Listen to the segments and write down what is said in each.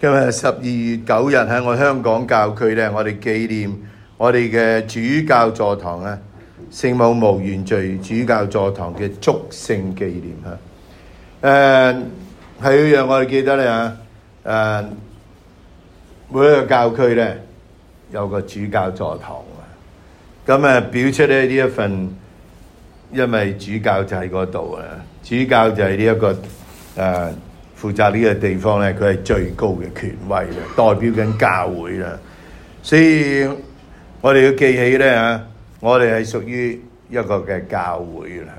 今日十二月九日喺我香港教區咧，我哋紀念我哋嘅主教座堂啊，聖母無原罪主教座堂嘅祝聖紀念啊。誒，係要讓我哋記得咧啊。誒，每一個教區咧有個主教座堂啊。咁啊，表出咧呢一份，因為主教就喺嗰度啊，主教就係呢一個誒。負責呢個地方咧，佢係最高嘅權威咧，代表緊教會啦。所以我哋要記起咧嚇，我哋係屬於一個嘅教會啦。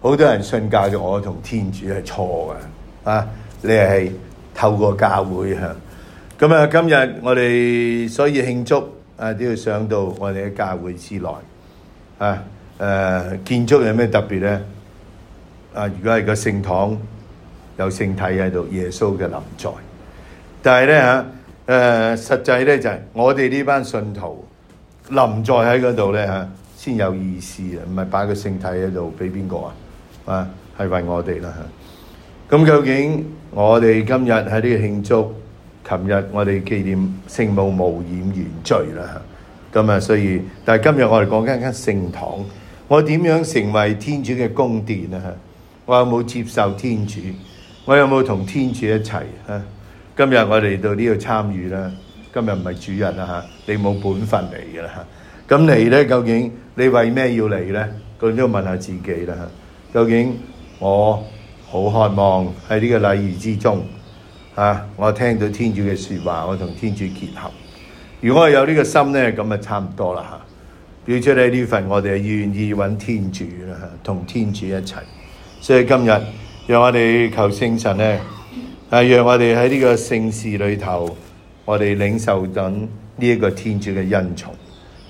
好多人信教就我同天主係錯嘅啊！你係透過教會啊。咁啊，今日我哋所以慶祝啊，都要上到我哋嘅教會之內啊。誒，建築有咩特別咧？啊，如果係個聖堂，有聖體喺度，耶穌嘅臨在。但係咧嚇，誒實際咧就係我哋呢班信徒臨在喺嗰度咧嚇，先有意思啊，唔係擺個聖體喺度俾邊個啊？啊，係為我哋啦嚇。咁究竟我哋今日喺呢個慶祝，琴日我哋紀念聖母無染原罪啦嚇。咁啊，所以但係今日我哋講緊間聖堂，我點樣成為天主嘅宮殿啊？我有冇接受天主？我有冇同天主一齊啊？今日我嚟到呢度參與啦。今日唔係主人啦吓，你冇本分嚟噶啦吓。咁你咧，究竟你為咩要嚟咧？咁都要問下自己啦吓。究竟我好渴望喺呢個禮儀之中啊？我聽到天主嘅說話，我同天主結合。如果我有呢個心咧，咁啊差唔多啦吓。表出嚟呢份，我哋願意揾天主啦吓，同天主一齊。所以今日。讓我哋求聖神咧，係讓我哋喺呢個聖事裏頭，我哋領受緊呢一個天主嘅恩寵。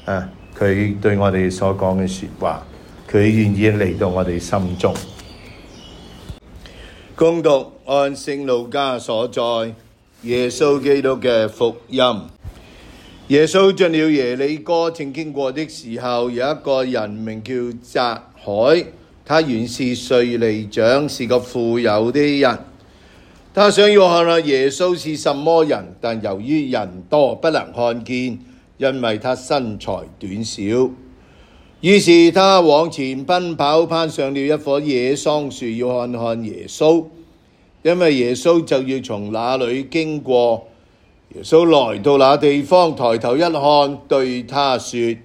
啊，佢對我哋所講嘅說話，佢願意嚟到我哋心中。恭讀按聖路加所載，耶穌基督嘅福音。耶穌進了耶里哥，正經過的時候，有一個人名叫匝凱。他原是稅吏長，是個富有的人。他想要看看耶穌是什麼人，但由於人多不能看見，因為他身材短小。於是他往前奔跑，攀上了一棵野桑樹，要看看耶穌，因為耶穌就要從那裏經過。耶穌來到那地方，抬頭一看，對他說：匝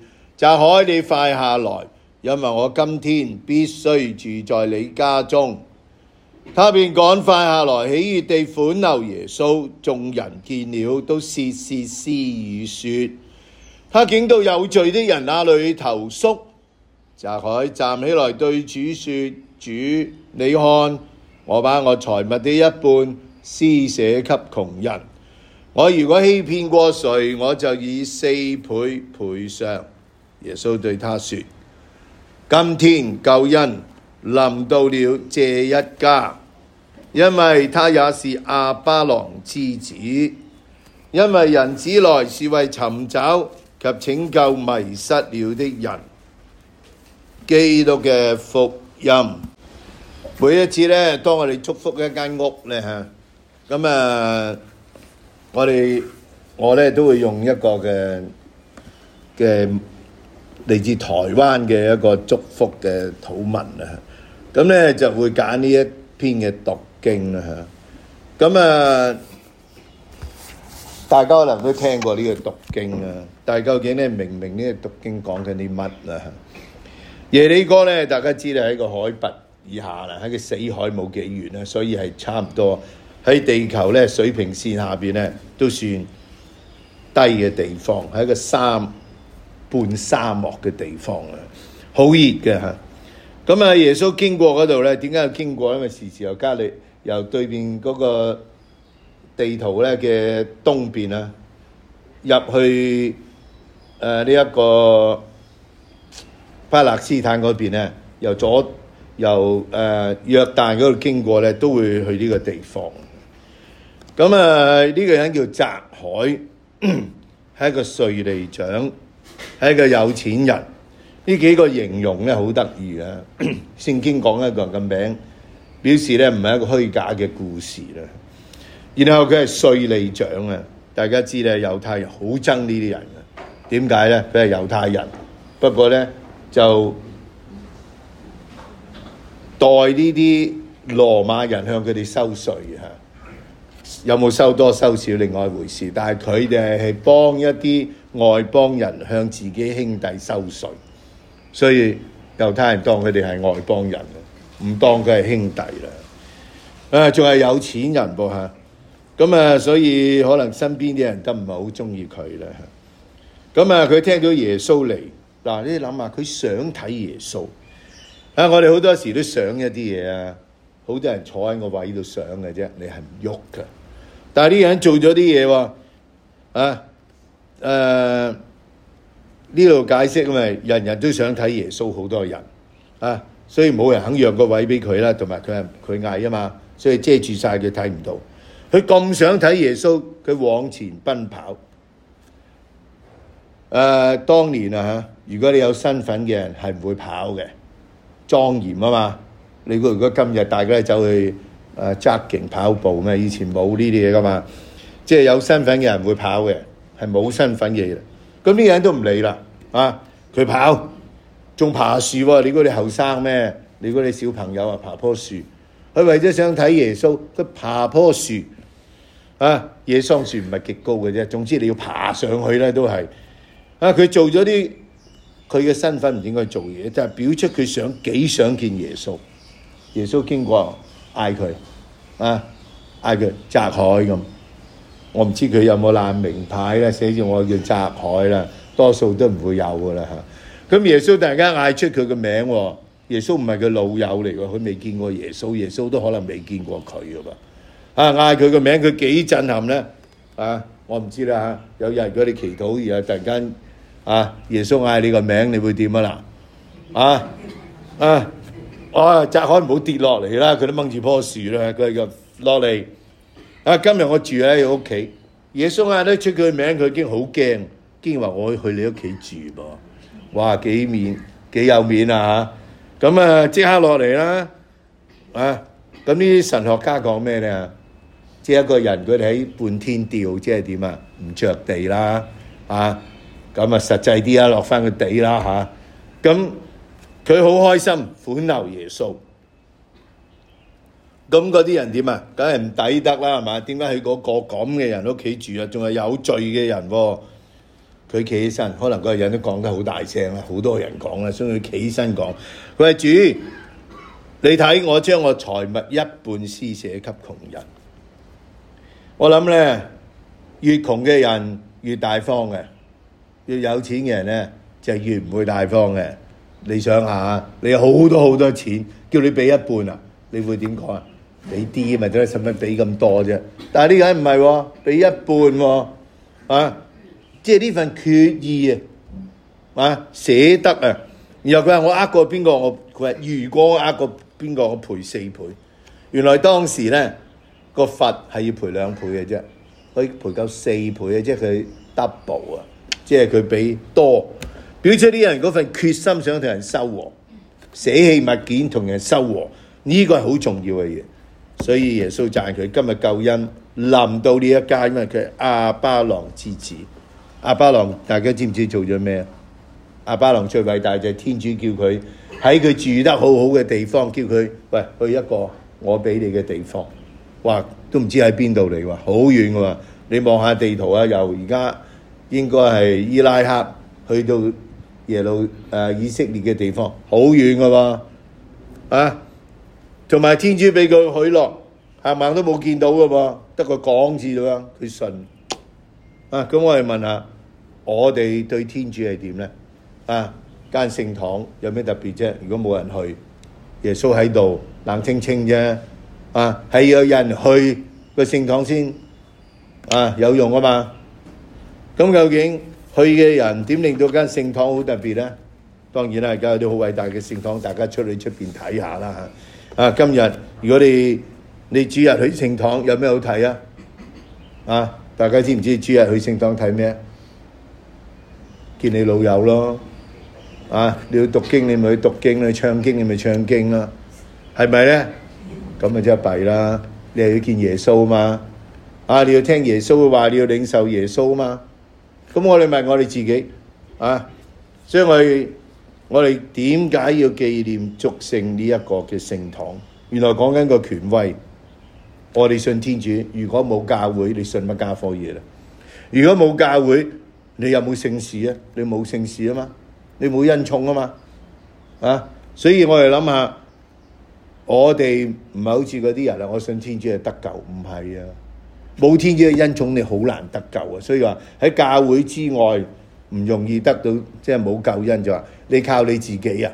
凱，你快下來！因為我今天必須住在你家中，他便趕快下來，喜悦地款留耶穌。眾人見了，都説説私與説。他見到有罪的人那裏頭叔扎海，站起來對主説：主，你看我把我財物的一半施捨給窮人，我如果欺騙過誰，我就以四倍賠償。耶穌對他説。今天救恩臨到了這一家，因為他也是亞巴郎之子，因為人子來是為尋找及拯救迷失了的人。基督嘅福音，每一次呢，當我哋祝福一間屋呢嚇，咁啊，我哋我呢都會用一個嘅嘅。嚟自台灣嘅一個祝福嘅土文啊，咁咧就會揀呢一篇嘅讀經啦嚇。咁啊，大家可能都聽過呢個讀經啊，但係究竟咧明唔明呢個讀經講緊啲乜啊？耶利哥咧，大家知咧喺個海拔以下啦，喺個死海冇幾遠啦，所以係差唔多喺地球咧水平線下邊咧都算低嘅地方，喺個山，半沙漠嘅地方啊，好熱嘅吓。咁啊，耶穌經過嗰度咧，點解要經過？因為時時由加利由對面嗰個地圖咧嘅東邊啊，入去誒呢一個巴勒斯坦嗰邊咧，由左由誒約旦嗰度經過咧，都會去呢個地方。咁啊，呢個人叫澤海，係一個稅吏長。係一個有錢人，呢幾個形容咧好得意啊！聖 經講一個人嘅名，表示咧唔係一個虛假嘅故事啦。然後佢係稅吏長啊，大家知咧猶太人好憎呢啲人啊，點解咧？佢係猶太人，不過咧就代呢啲羅馬人向佢哋收稅啊。有冇收多收少另外一回事，但係佢哋係幫一啲。外邦人向自己兄弟收稅，所以猶太人當佢哋係外邦人咯，唔當佢係兄弟啦。啊，仲係有錢人噃嚇，咁啊，啊，所以可能身邊啲人都唔係好中意佢啦。咁啊，佢、啊、聽到耶穌嚟嗱，你諗下，佢想睇耶穌。啊，我哋好多時都想一啲嘢啊，好多人坐喺我位度想嘅啫，你係唔喐㗎。但係啲人做咗啲嘢喎，啊！誒、啊，呢度解釋咪，人人都想睇耶穌，好多人啊，所以冇人肯讓個位畀佢啦。同埋佢係佢矮啊嘛，所以遮住晒。佢睇唔到。佢咁想睇耶穌，佢往前奔跑。誒、啊，當年啊嚇，如果你有身份嘅人係唔會跑嘅，莊嚴啊嘛。你如果今日大家走去誒側勁跑步咩？以前冇呢啲嘢噶嘛，即係有身份嘅人唔會跑嘅。係冇身份嘅嘢啦，咁呢個人都唔理啦，啊，佢跑，仲爬樹喎！你估你後生咩？你估你小朋友啊，爬樖樹，佢為咗想睇耶穌，佢爬樖樹，啊，野桑樹唔係極高嘅啫，總之你要爬上去呢，都係，啊，佢做咗啲，佢嘅身份唔應該做嘢，就係、是、表出佢想幾想見耶穌，耶穌經過，嗌佢，啊，嗌佢匝凱咁。我唔知佢有冇爛名牌啦，寫住我叫澤海啦，多數都唔會有噶啦嚇。咁耶穌突然間嗌出佢個名，耶穌唔係佢老友嚟㗎，佢未見過耶穌，耶穌都可能未見過佢㗎噃。啊，嗌佢個名，佢幾震撼咧？啊，我唔知啦嚇、啊。有日如果你祈禱，而後突然間啊，耶穌嗌你個名，你會點啊啦？啊啊啊！澤海唔好跌落嚟啦，佢都掹住棵樹啦，佢個落嚟。啊！今日我住喺佢屋企，耶穌啊得出佢名，佢已經好驚，驚話我去你屋企住噃，哇幾面幾有面啊嚇！咁啊即刻落嚟啦啊！咁呢啲神學家講咩咧？即係一個人佢哋喺半天吊，即係點啊？唔著地啦啊！咁啊實際啲啊，落翻個地啦嚇！咁佢好開心，款留耶穌。咁嗰啲人點啊？梗係唔抵得啦，係嘛？點解去嗰個咁嘅人屋企住啊？仲係有罪嘅人喎、啊！佢企起身，可能嗰個人都講得好大聲啦，好多人講啦，所以佢企起身講：佢話主，你睇我將我財物一半施捨給窮人。我諗咧，越窮嘅人越大方嘅，越有錢嘅人咧就越唔會大方嘅。你想下，你有好多好多錢，叫你畀一半啊，你會點講啊？俾啲咪得，使乜畀咁多啫？但係呢間唔係喎，俾一半喎、哦，啊！即係呢份決意啊，啊捨得啊，然後佢話我呃過邊個，佢話如果呃過邊個，我賠四倍。原來當時咧個罰係要賠兩倍嘅啫，可以賠夠四倍嘅，即係佢 double 啊，即係佢畀多。表姐啲人嗰份決心想同人修和，捨棄物件同人修和，呢、這個係好重要嘅嘢。所以耶穌讚佢今日救恩臨到呢一家，因為佢阿巴郎之子阿巴郎，大家知唔知做咗咩啊？阿巴郎最偉大就係天主叫佢喺佢住得好好嘅地方，叫佢喂去一個我畀你嘅地方，話都唔知喺邊度嚟喎，好遠噶喎！你望下地圖啊，由而家應該係伊拉克去到耶路誒以色列嘅地方，好遠噶喎，啊！同埋天主俾佢許諾，下晚都冇見到噶喎，得個講字啫。佢信啊。咁我哋問下，我哋對天主係點咧？啊，間聖堂有咩特別啫？如果冇人去，耶穌喺度冷清清啫。啊，係有人去個聖堂先啊有用啊嘛。咁究竟去嘅人點令到間聖堂好特別咧？當然啦，而家有啲好偉大嘅聖堂，大家出去出邊睇下啦嚇。啊！今日如果你你主日去聖堂有咩好睇啊？啊！大家知唔知主日去聖堂睇咩？見你老友咯。啊！你要讀經，你咪去讀經啦，唱經，你咪唱經啦。係咪咧？咁咪即係弊啦。你係要見耶穌嘛？啊！你要聽耶穌嘅話，你要領受耶穌啊嘛。咁我哋問我哋自己啊，將我哋。我哋點解要紀念祝聖呢一個嘅聖堂？原來講緊個權威。我哋信天主，如果冇教會，你信乜傢伙嘢啦？如果冇教會，你有冇聖事啊？你冇聖事啊嘛，你冇恩寵啊嘛啊！所以我哋諗下，我哋唔係好似嗰啲人啦，我信天主係得救，唔係啊！冇天主嘅恩寵，你好難得救啊！所以話喺教會之外。唔容易得到，即係冇救恩，就話你靠你自己啊！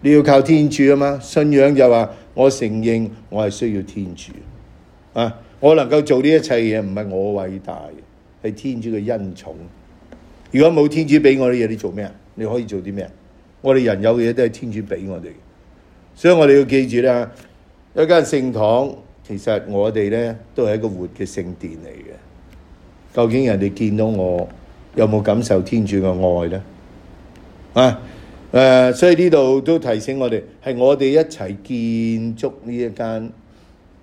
你要靠天主啊嘛！信仰就話我承認我係需要天主啊！我能夠做呢一切嘢，唔係我偉大嘅，係天主嘅恩寵。如果冇天主畀我啲嘢，你做咩啊？你可以做啲咩啊？我哋人有嘅嘢都係天主畀我哋，所以我哋要記住啦，一間聖堂其實我哋咧都係一個活嘅聖殿嚟嘅。究竟人哋見到我？有冇感受天主嘅愛咧？啊，誒，所以呢度都提醒我哋，係我哋一齊建築呢一間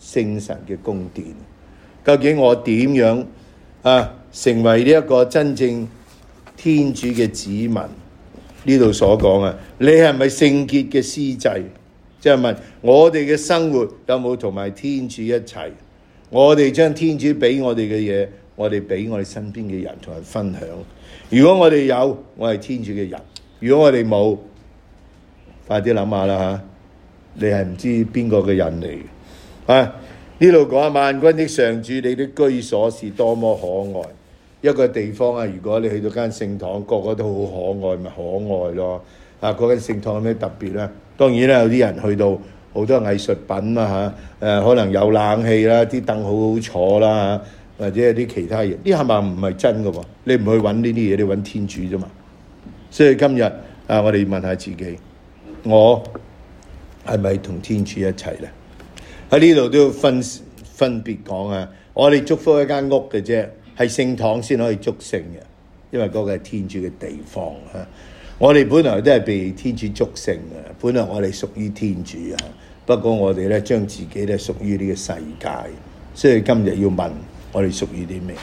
聖神嘅宮殿。究竟我點樣啊，成為呢一個真正天主嘅子民？呢度所講啊，你係咪聖潔嘅司祭？即係問我哋嘅生活有冇同埋天主一齊？我哋將天主俾我哋嘅嘢。我哋畀我哋身邊嘅人同佢分享。如果我哋有，我係天主嘅人；如果我哋冇，快啲諗下啦嚇！你係唔知邊個嘅人嚟？呢度講下萬軍的上主，你啲居所是多麼可愛。一個地方啊，如果你去到間聖堂，個個都好可愛，咪可愛咯。啊，嗰間聖堂有咩特別呢？當然啦，有啲人去到好多藝術品啊嚇。誒、啊，可能有冷氣啦，啲凳好好坐啦、啊或者有啲其他嘢，啲係咪唔係真嘅？你唔去揾呢啲嘢，你揾天主啫嘛。所以今日啊，我哋問下自己，我係咪同天主一齊咧？喺呢度都要分分別講啊。我哋祝福一間屋嘅啫，係聖堂先可以祝聖嘅，因為嗰個係天主嘅地方嚇。我哋本來都係被天主祝聖嘅，本來我哋屬於天主啊。不過我哋咧將自己咧屬於呢個世界，所以今日要問。我哋屬於啲咩？